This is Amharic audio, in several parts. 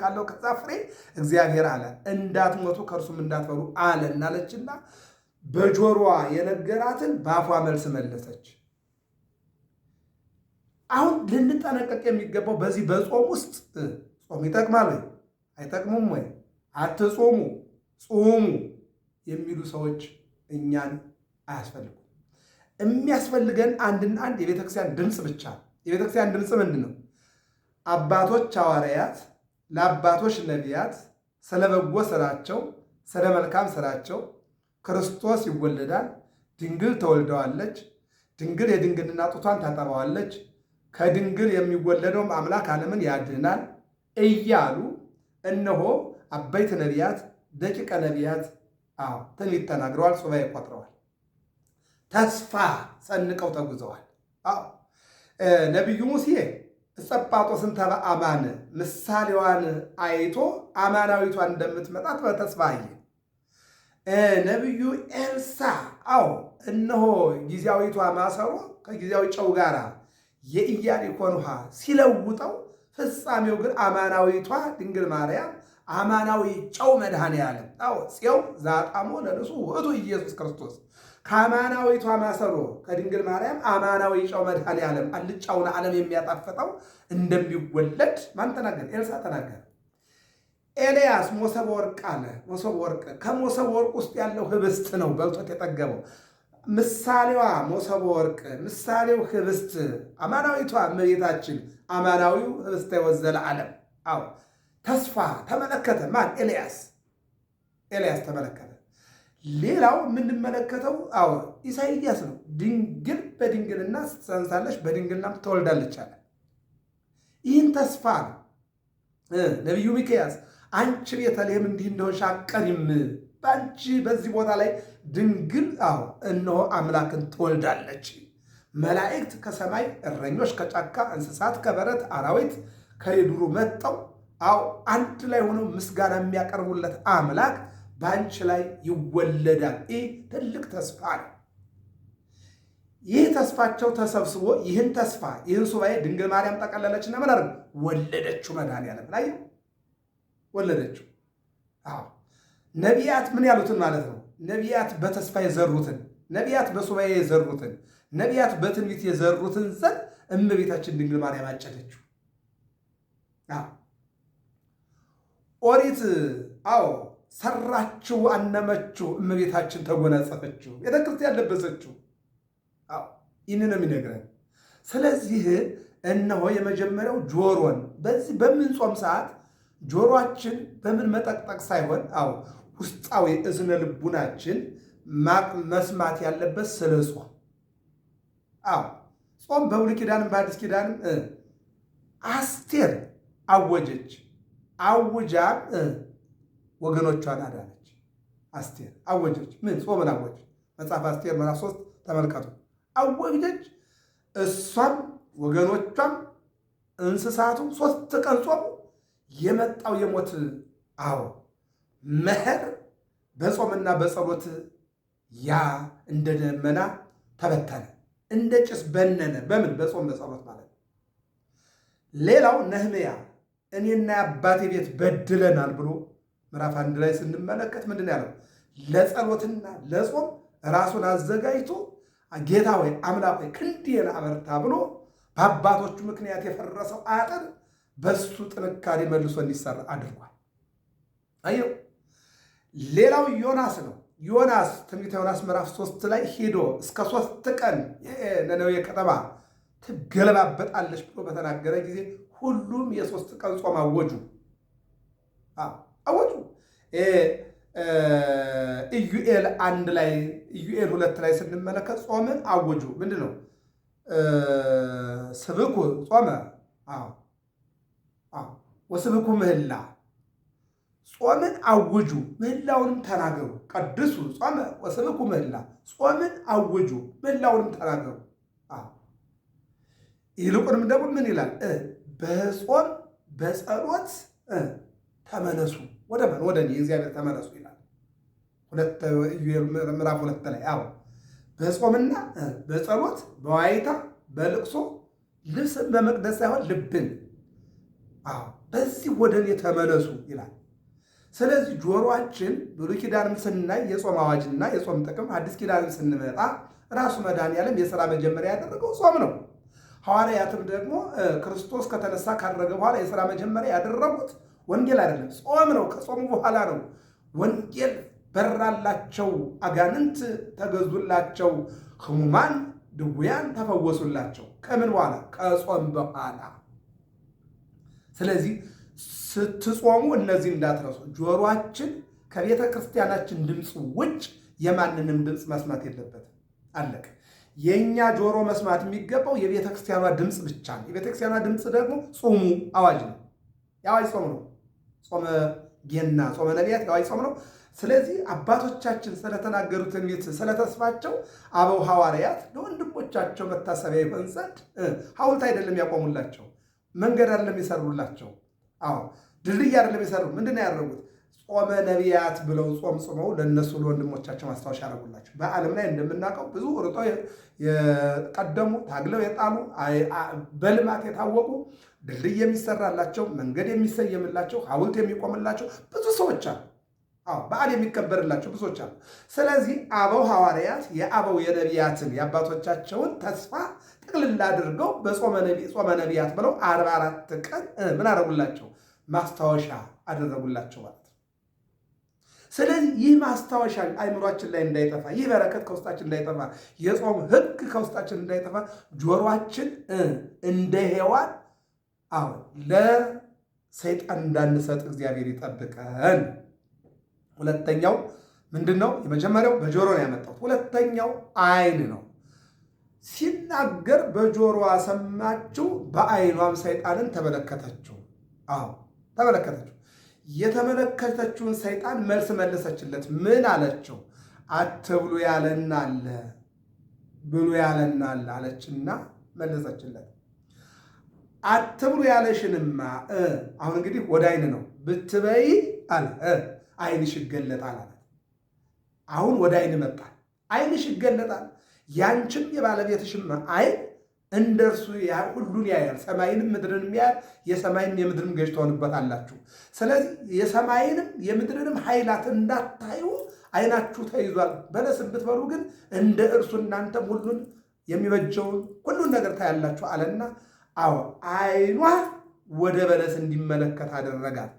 ካለው ከዛ ፍሬ እግዚአብሔር አለ እንዳትሞቱ ከእርሱም እንዳትፈሩ አለ እናለችና በጆሮዋ የነገራትን በአፏ መልስ መለሰች። አሁን ልንጠነቀቅ የሚገባው በዚህ በጾም ውስጥ ጾም ይጠቅማል ወይ አይጠቅሙም ወይ አትጾሙ ጾሙ የሚሉ ሰዎች እኛን አያስፈልጉም። የሚያስፈልገን አንድና አንድ የቤተክርስቲያን ድምፅ ብቻ። የቤተክርስቲያን ድምፅ ምንድን ነው? አባቶች ሐዋርያት ለአባቶች ነቢያት ስለ በጎ ስራቸው፣ ስለ መልካም ስራቸው ክርስቶስ ይወለዳል፣ ድንግል ተወልደዋለች፣ ድንግል የድንግልና ጡቷን ታጠባዋለች፣ ከድንግል የሚወለደውም አምላክ ዓለምን ያድናል እያሉ እነሆ አበይት ነቢያት ደቂቀ ነቢያት አዎ ትንቢት ተናግረዋል፣ ሱባኤ ቆጥረዋል፣ ተስፋ ሰንቀው ተጉዘዋል። አዎ ነቢዩ ሙሴ ጸጳጦስን ተበ አማን ምሳሌዋን አይቶ አማናዊቷን እንደምትመጣት በተስፋ አየ። ነቢዩ ኤልሳ አዎ እነሆ ጊዜያዊቷ ማሰሮ ከጊዜያዊ ጨው ጋር የኢያሪኮን ውሃ ሲለውጠው ፍጻሜው ግን አማናዊቷ ድንግል ማርያም አማናዊ ጨው መድኃኔ ዓለም ው ፄው ዛጣሞ ለንሱ ውእቱ ኢየሱስ ክርስቶስ ከአማናዊቷ ማሰሮ ከድንግል ማርያም አማናዊ ጨው መድኃኔ ዓለም አልጫውን ዓለም የሚያጣፈጠው እንደሚወለድ ማን ተናገር? ኤልሳ ተናገር። ኤልያስ ሞሰብ ወርቅ አለ። ሞሰብ ወርቅ ከሞሰብ ወርቅ ውስጥ ያለው ህብስት ነው በልቶት የጠገበው። ምሳሌዋ ሞሰብ ወርቅ፣ ምሳሌው ህብስት፣ አማናዊቷ እመቤታችን፣ አማናዊው ህብስተ የወዘለ ዓለም አዎ ተስፋ ተመለከተ። ማን? ኤልያስ። ኤልያስ ተመለከተ። ሌላው የምንመለከተው አዎ ኢሳይያስ ነው። ድንግል በድንግልና ስትጸንሳለች በድንግልናም ትወልዳለች አለ። ይህን ተስፋ ነው ነቢዩ ሚክያስ አንቺ ቤተልሔም እንዲህ እንደሆን አትቀሪም፣ በአንቺ በዚህ ቦታ ላይ ድንግል አዎ እነሆ አምላክን ትወልዳለች። መላእክት ከሰማይ እረኞች፣ ከጫካ እንስሳት፣ ከበረት አራዊት ከየዱሩ መጠው። አው አንድ ላይ ሆነው ምስጋና የሚያቀርቡለት አምላክ በአንቺ ላይ ይወለዳል። ይህ ትልቅ ተስፋ ነው። ይህ ተስፋቸው ተሰብስቦ ይህን ተስፋ ይህን ሱባኤ ድንግል ማርያም ጠቀለለችና ምን አደረገ? ወለደችው። መድኃኒዓለም ላይ ወለደችው። አዎ ነቢያት ምን ያሉትን ማለት ነው። ነቢያት በተስፋ የዘሩትን ነቢያት በሱባኤ የዘሩትን ነቢያት በትንቢት የዘሩትን ዘር እመቤታችን ድንግል ማርያም አጨደችው። ኦሪት አዎ ሰራችሁ፣ አነመችሁ፣ እመቤታችን ተጎናጸፈችሁ፣ ቤተ ክርስቲያን ለበሰችሁ። ይህንን ነው የሚነግረን። ስለዚህ እነሆ የመጀመሪያው ጆሮን በዚህ በምንጾም ሰዓት ጆሮችን በምን መጠቅጠቅ ሳይሆን አዎ ውስጣዊ እዝነ ልቡናችን መስማት ያለበት ስለ ጾም አዎ ጾም በብሉይ ኪዳንም በአዲስ ኪዳንም አስቴር አወጀች። አውጃ ወገኖቿን አዳነች። አስቴር አወጀች። ምን ጾምን አወጀች። መጽሐፍ አስቴር ምዕራፍ ሶስት ተመልከቱ። አወጀች እሷም ወገኖቿም እንስሳቱ ሶስት ቀን ጾሙ። የመጣው የሞት አዎ መኸር በጾምና በጸሎት ያ እንደ ደመና ተበተነ፣ እንደ ጭስ በነነ። በምን በጾም በጸሎት ማለት ነው። ሌላው ነህምያ እኔና አባቴ ቤት በድለናል ብሎ ምዕራፍ አንድ ላይ ስንመለከት ምንድን ያለው ለጸሎትና ለጾም ራሱን አዘጋጅቶ ጌታ ወይ አምላክ ወይ ክንዴን አበርታ ብሎ በአባቶቹ ምክንያት የፈረሰው አጥር በሱ ጥንካሬ መልሶ እንዲሰራ አድርጓል። አየው። ሌላው ዮናስ ነው። ዮናስ ትንቢተ ዮናስ ምዕራፍ ሶስት ላይ ሄዶ እስከ ሶስት ቀን ነነዌ ከተማ ትገለባበጣለች ብሎ በተናገረ ጊዜ ሁሉም የሶስት ቀን ጾም አወጁ አወጁ። ኢዩኤል አንድ ላይ ኢዩኤል ሁለት ላይ ስንመለከት ጾምን አወጁ ምንድን ነው? ስብኩ ጾመ ወስብኩ ምህላ ጾምን አውጁ ምህላውንም ተናገሩ። ቀድሱ ጾመ ወስብኩ ምህላ ጾምን አውጁ ምህላውንም ተናገሩ። ይልቁንም ደግሞ ምን ይላል? በጾም በጸሎት ተመለሱ ወደ ማን ወደ እኔ እግዚአብሔር ተመለሱ ይላል ምዕራፍ ሁለት ላይ አዎ በጾምና በጸሎት በዋይታ በልቅሶ ልብስን በመቅደስ ሳይሆን ልብን አዎ በዚህ ወደ እኔ ተመለሱ ይላል ስለዚህ ጆሮአችን ብሉይ ኪዳንም ስናይ የጾም አዋጅና የጾም ጥቅም አዲስ ኪዳንም ስንመጣ ራሱ መድኃኔዓለም የሥራ መጀመሪያ ያደረገው ጾም ነው ሐዋርያትም ደግሞ ክርስቶስ ከተነሳ ካደረገ በኋላ የሥራ መጀመሪያ ያደረጉት ወንጌል አይደለም፣ ጾም ነው። ከጾሙ በኋላ ነው ወንጌል በራላቸው፣ አጋንንት ተገዙላቸው፣ ህሙማን ድውያን ተፈወሱላቸው። ከምን በኋላ? ከጾም በኋላ። ስለዚህ ስትጾሙ እነዚህ እንዳትረሱ። ጆሮአችን ከቤተ ክርስቲያናችን ድምፅ ውጭ የማንንም ድምፅ መስማት የለበትም። አለቀ። የእኛ ጆሮ መስማት የሚገባው የቤተ ክርስቲያኗ ድምፅ ብቻ ነው። የቤተ ክርስቲያኗ ድምፅ ደግሞ ጾሙ አዋጅ ነው። የአዋጅ ጾም ነው። ጾመ ጌና፣ ጾመ ነቢያት የአዋጅ ጾም ነው። ስለዚህ አባቶቻችን ስለተናገሩት ትንቢት ስለተስፋቸው አበው ሐዋርያት ለወንድሞቻቸው መታሰቢያ ይሆን ዘንድ ሐውልት አይደለም ያቆሙላቸው፣ መንገድ አይደለም የሰሩላቸው፣ አዎ ድልድይ አይደለም የሰሩ ምንድን ነው ያደረጉት? ጾመ ነቢያት ብለው ጾም ጾመው ለእነሱ ለወንድሞቻቸው ማስታወሻ ያደረጉላቸው። በዓለም ላይ እንደምናውቀው ብዙ ርጦ የቀደሙ ታግለው የጣሉ በልማት የታወቁ ድልድይ የሚሰራላቸው መንገድ የሚሰየምላቸው ሐውልት የሚቆምላቸው ብዙ ሰዎች አሉ። አዎ በዓል የሚከበርላቸው ብዙዎች አሉ። ስለዚህ አበው ሐዋርያት የአበው የነቢያትን የአባቶቻቸውን ተስፋ ጥቅልል አድርገው በጾመ ነቢያት ብለው አርባ አራት ቀን ምን አደረጉላቸው? ማስታወሻ አደረጉላቸው ማለት ስለዚህ ይህ ማስታወሻ አይምሯችን ላይ እንዳይጠፋ፣ ይህ በረከት ከውስጣችን እንዳይጠፋ፣ የጾም ህግ ከውስጣችን እንዳይጠፋ ጆሮችን እንደ ሔዋን አሁን ለሰይጣን እንዳንሰጥ እግዚአብሔር ይጠብቀን። ሁለተኛው ምንድን ነው? የመጀመሪያው በጆሮ ነው ያመጣሁት። ሁለተኛው አይን ነው። ሲናገር በጆሮዋ ሰማችው፣ በአይኗም ሰይጣንን ተመለከተችው። አዎ ተመለከተችው። የተመለከተችውን ሰይጣን መልስ መለሰችለት። ምን አለችው? አትብሉ ያለና አለ ብሉ ያለን አለ አለችና መለሰችለት። አትብሉ ያለሽንማ አሁን እንግዲህ ወደ አይን ነው ብትበይ አለ አይንሽ ይገለጣል አለ። አሁን ወደ አይን መጣ፣ አይንሽ ይገለጣል። ያንችም የባለቤትሽም አይን እንደ እርሱ ሁሉን ያያል፣ ሰማይንም ምድርንም ያያል። የሰማይን የምድርም ገዥ ትሆንበታላችሁ። ስለዚህ የሰማይንም የምድርንም ኃይላት እንዳታዩ ዓይናችሁ ተይዟል። በለስን ብትበሉ ግን እንደ እርሱ እናንተም ሁሉን የሚበጀውን ሁሉን ነገር ታያላችሁ አለና፣ አዎ ዓይኗ ወደ በለስ እንዲመለከት አደረጋል።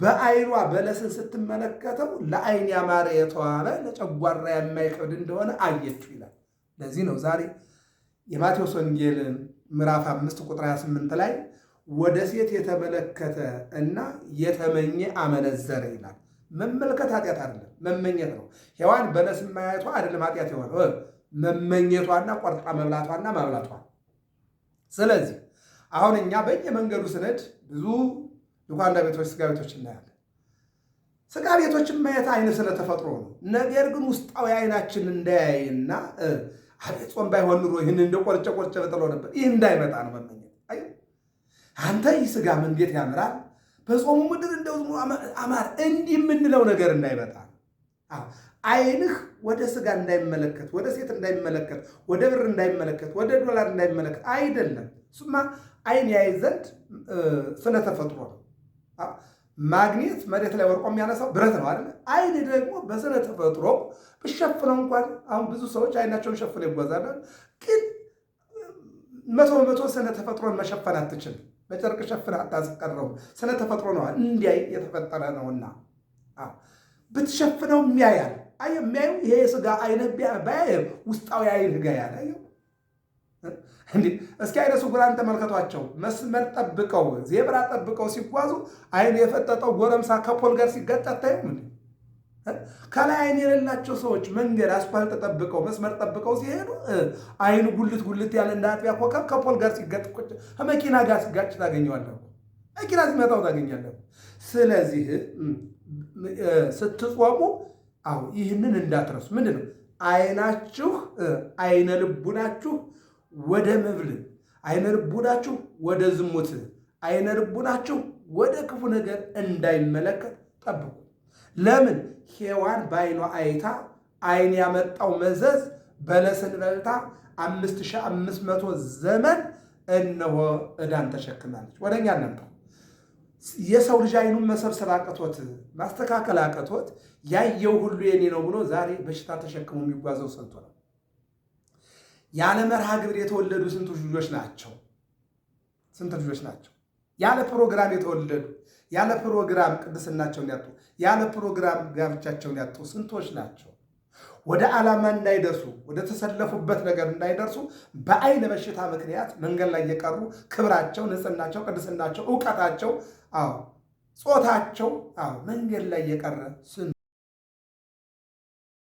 በዓይኗ በለስን ስትመለከተው ለዓይን ያማረ የተዋበ ለጨጓራ የማይከብድ እንደሆነ አየችው ይላል። ለዚህ ነው ዛሬ የማቴዎስ ወንጌል ምዕራፍ አምስት ቁጥር 28 ላይ ወደ ሴት የተመለከተ እና የተመኘ አመነዘረ ይላል። መመልከት ኃጢአት አይደለም፣ መመኘት ነው። ሔዋን በለስ ማየቷ አይደለም ኃጢአት የሆነ መመኘቷና ቆርጣ መብላቷና ማብላቷ። ስለዚህ አሁን እኛ በየመንገዱ ስነድ ብዙ ልኳንዳ ቤቶች፣ ስጋ ቤቶች እናያለን። ስጋ ቤቶችን ማየት አይን ስለተፈጥሮ ነው። ነገር ግን ውስጣዊ አይናችን እንዳያይና አቤት ጾም ባይሆን ኑሮ ይህን እንደ ቆርጨ ቆርጨ በጥሎ ነበር። ይህ እንዳይመጣ ነው መመኘት። አይ አንተ ይህ ስጋም እንዴት ያምራል በጾሙ ምድር እንደው አማር እንዲህ የምንለው ነገር እንዳይመጣ አይንህ ወደ ስጋ እንዳይመለከት፣ ወደ ሴት እንዳይመለከት፣ ወደ ብር እንዳይመለከት፣ ወደ ዶላር እንዳይመለከት አይደለም። እሱማ አይን ያይ ዘንድ ስለተፈጥሮ ነው። ማግኔት መሬት ላይ ወርቆ የሚያነሳው ብረት ነው አይደለ? አይን ደግሞ በስነ ተፈጥሮ ብሸፍነው እንኳን አሁን ብዙ ሰዎች አይናቸውን ሸፍነው ይጓዛሉ። ግን መቶ በመቶ ስነ ተፈጥሮን መሸፈን አትችል። በጨርቅ ሸፍነ አታስቀረው። ስነ ተፈጥሮ ነው እንዲያይ የተፈጠረ ነውና ብትሸፍነው የሚያያል። አየህ የሚያዩ ይሄ የስጋ አይነ ባያየ ውስጣዊ አይን ህጋ ያለ እንዴ እስኪ አይነ ስውራን ተመልከቷቸው። መስመር ጠብቀው ዜብራ ጠብቀው ሲጓዙ አይን የፈጠጠው ጎረምሳ ከፖል ጋር ሲገጥ ታይም እንዴ? ከላይ አይን የሌላቸው ሰዎች መንገድ አስፋልት ጠብቀው መስመር ጠብቀው ሲሄዱ አይኑ ጉልት ጉልት ያለ እንደ አጥቢያ ኮከብ ከፖል ጋር ሲገጥ ከመኪና ጋር ሲጋጭ ታገኘዋለሁ። መኪና ሲመጣው ታገኛለሁ። ስለዚህ ስትጾሙ አሁን ይህንን እንዳትረሱ። ምንድን ነው አይናችሁ አይነ ልቡናችሁ ወደ መብል፣ አይነ ልቡናችሁ ወደ ዝሙት፣ አይነ ልቡናችሁ ወደ ክፉ ነገር እንዳይመለከት ጠብቁ። ለምን ሔዋን በአይኗ አይታ አይን ያመጣው መዘዝ በለስን በልታ 5500 ዘመን እነሆ ዕዳን ተሸክማለች። ወደኛ ነበር የሰው ልጅ አይኑን መሰብሰብ አቅቶት ማስተካከል አቅቶት ያየው ሁሉ የኔ ነው ብሎ ዛሬ በሽታ ተሸክሞ የሚጓዘው ሰልቶ ነው። ያለ መርሃ ግብር የተወለዱ ስንቶች ልጆች ናቸው? ስንት ልጆች ናቸው ያለ ፕሮግራም የተወለዱ ያለ ፕሮግራም ቅድስናቸውን ያጡ ያለ ፕሮግራም ጋብቻቸውን ያጡ ስንቶች ናቸው? ወደ ዓላማ እንዳይደርሱ ወደ ተሰለፉበት ነገር እንዳይደርሱ በአይነ በሽታ ምክንያት መንገድ ላይ የቀሩ ክብራቸው፣ ንጽህናቸው፣ ቅድስናቸው፣ እውቀታቸው፣ አዎ ጾታቸው፣ አዎ መንገድ ላይ የቀረ